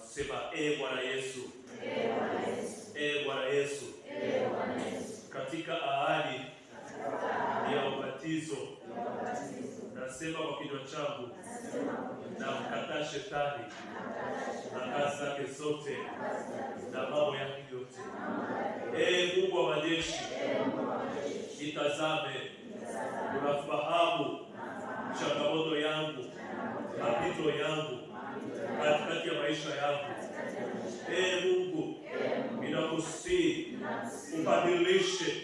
sema e Bwana Yesu, e Bwana Yesu, katika ahadi ya ubatizo nasema kwa kinywa changu na mkataa shetani na kazi zake zote na mambo yake yote. Ee Mungu wa majeshi, itazame, unafahamu changamoto yangu, mapito yangu ya maisha yako. Ee Mungu, ninakusihi ubadilishe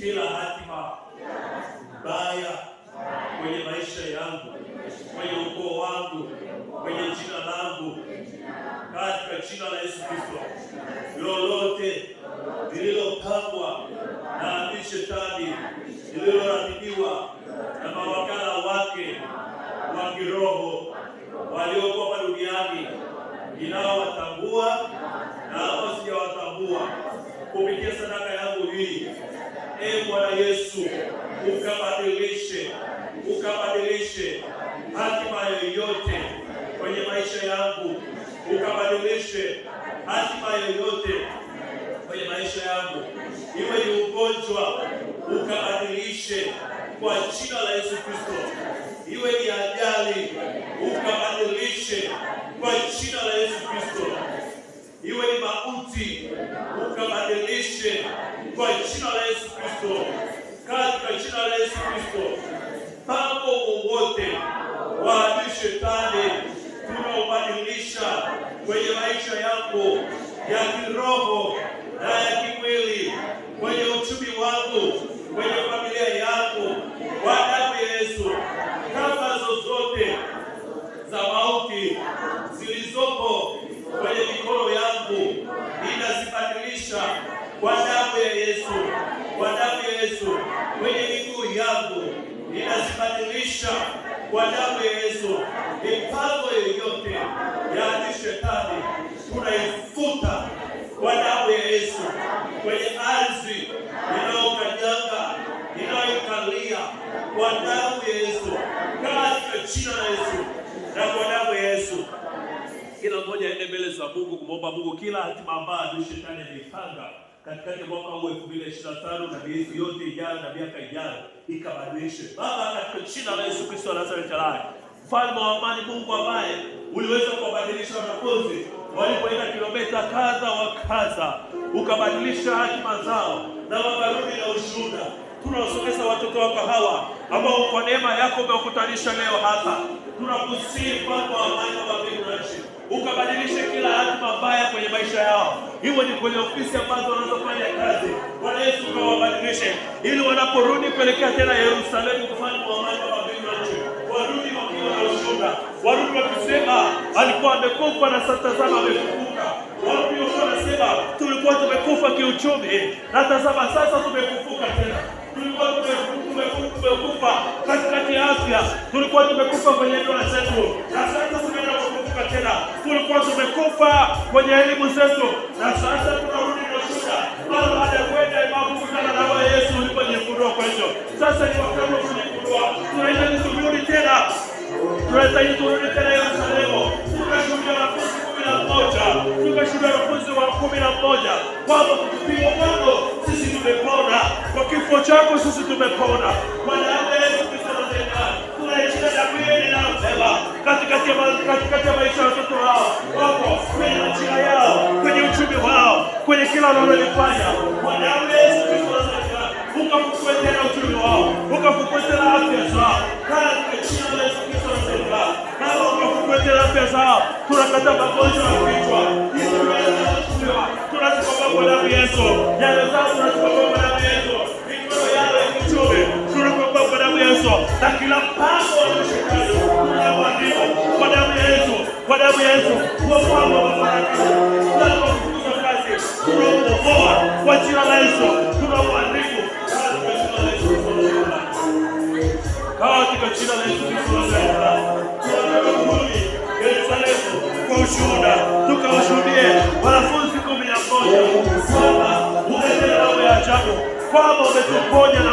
kila hatima baya kwenye maisha yangu, kwenye ukoo wangu, kwenye jina langu, katika jina la Yesu Kristo, lolote lililopangwa na shetani inaowatambua na wasiyowatambua kupitia sadaka yangu hii. E Bwana Yesu, ukabadilishe ukabadilishe hatima yoyote kwenye maisha yangu, ukabadilishe hatima yoyote kwenye maisha yangu, iwe ni ugonjwa, ukabadilishe kwa jina la Yesu Kristo, iwe ni ajali, ukabadilishe kwa jina la Yesu Kristo, iwe ni mauti ukabadilishe kwa jina la Yesu Kristo, katika jina la Yesu Kristo. Mpango wowote wa adui shetani tunaobadilisha kwenye maisha yako ya kiroho ya Yesu, kwa damu ya Yesu, kwenye miguu yangu ninazibadilisha kwa damu ya Yesu. Mipango yoyote ya shetani tunaifuta kwa damu ya Yesu. Kwenye ardhi ninayokanyaga, inaikalia kwa damu ya Yesu, katika jina la Yesu na kwa damu ya Yesu. Kila mmoja aende mbele za Mungu kumwomba Mungu kila hatima ambayo adui shetani ameipanga katikati ya mwaka huu 2025 na miezi yote ijayo na miaka ijayo ikabadilishwe. Baba, katika jina la Yesu Kristo wa Nazareti aliye mfalme wa amani, Mungu ambaye uliweza kuwabadilisha wanafunzi walipoenda kilomita kadha wa kadha, ukabadilisha hatima zao na wakarudi na ushuhuda. Tunawasogeza watoto wako hawa ambao kwa neema yako umewakutanisha leo hapa, tunakusifu kwa amani, amani ukabadilishe kila hali mabaya kwenye maisha yao, iwe ni kwenye ofisi ambazo wanazofanya kazi. Bwana Yesu kawabadilishe, ili wanaporudi kuelekea tena Yerusalemu kufanya amani wa mbingu nchi, warudi wakiwa na ushuhuda, warudi wakisema alikuwa amekufa na sasa tazama amefufuka. Warudi wakiwa wanasema tulikuwa tumekufa kiuchumi na tazama sasa tumefufuka tena, tulikuwa tumekufa katikati ya afya, tulikuwa tumekufa kwenye ndoa zetu kulikuwa tumekufa kwenye elimu zetu, na sasa tunarudi na shida mara baada ya kwenda imamu kutana na wewe Yesu Kwa hiyo Sasa ni wakati wa kujifundua, tunahitaji turudi tena, tunahitaji turudi tena Yerusalemu. Tukashuhudia wanafunzi kumi na mmoja, tukashuhudia wanafunzi wa kumi na mmoja kwamba kupiga kwako sisi tumepona, kwa kifo chako sisi tumepona. Bwana Yesu Kristo, tunaichia damu katikati ya maisha ya watoto wao, wako kwenye majira yao, kwenye uchumi wao, kwenye kila wanalolifanya. Bwana Yesu uchumi wao, ukafufue afya zao, katika jina afya zao. Tunakata magonjwa ya kichwa, tunazipamba kwa damu Yesu, nyayo zao tunazipamba kwa damu Yesu, mikono yao ya kichumi tunapamba kwa damu Yesu, na kila paa damu ya Yesu, kwa damu ya Yesu, kuokoa mafaraka, kwa jina la Yesu, katika jina la Yesu ushuhuda, tukawashuhudie wanafunzi kumi na moja kwamba umetenda mambo ya ajabu, kwamba umetuponya na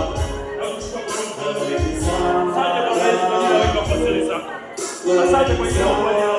Acha kwenye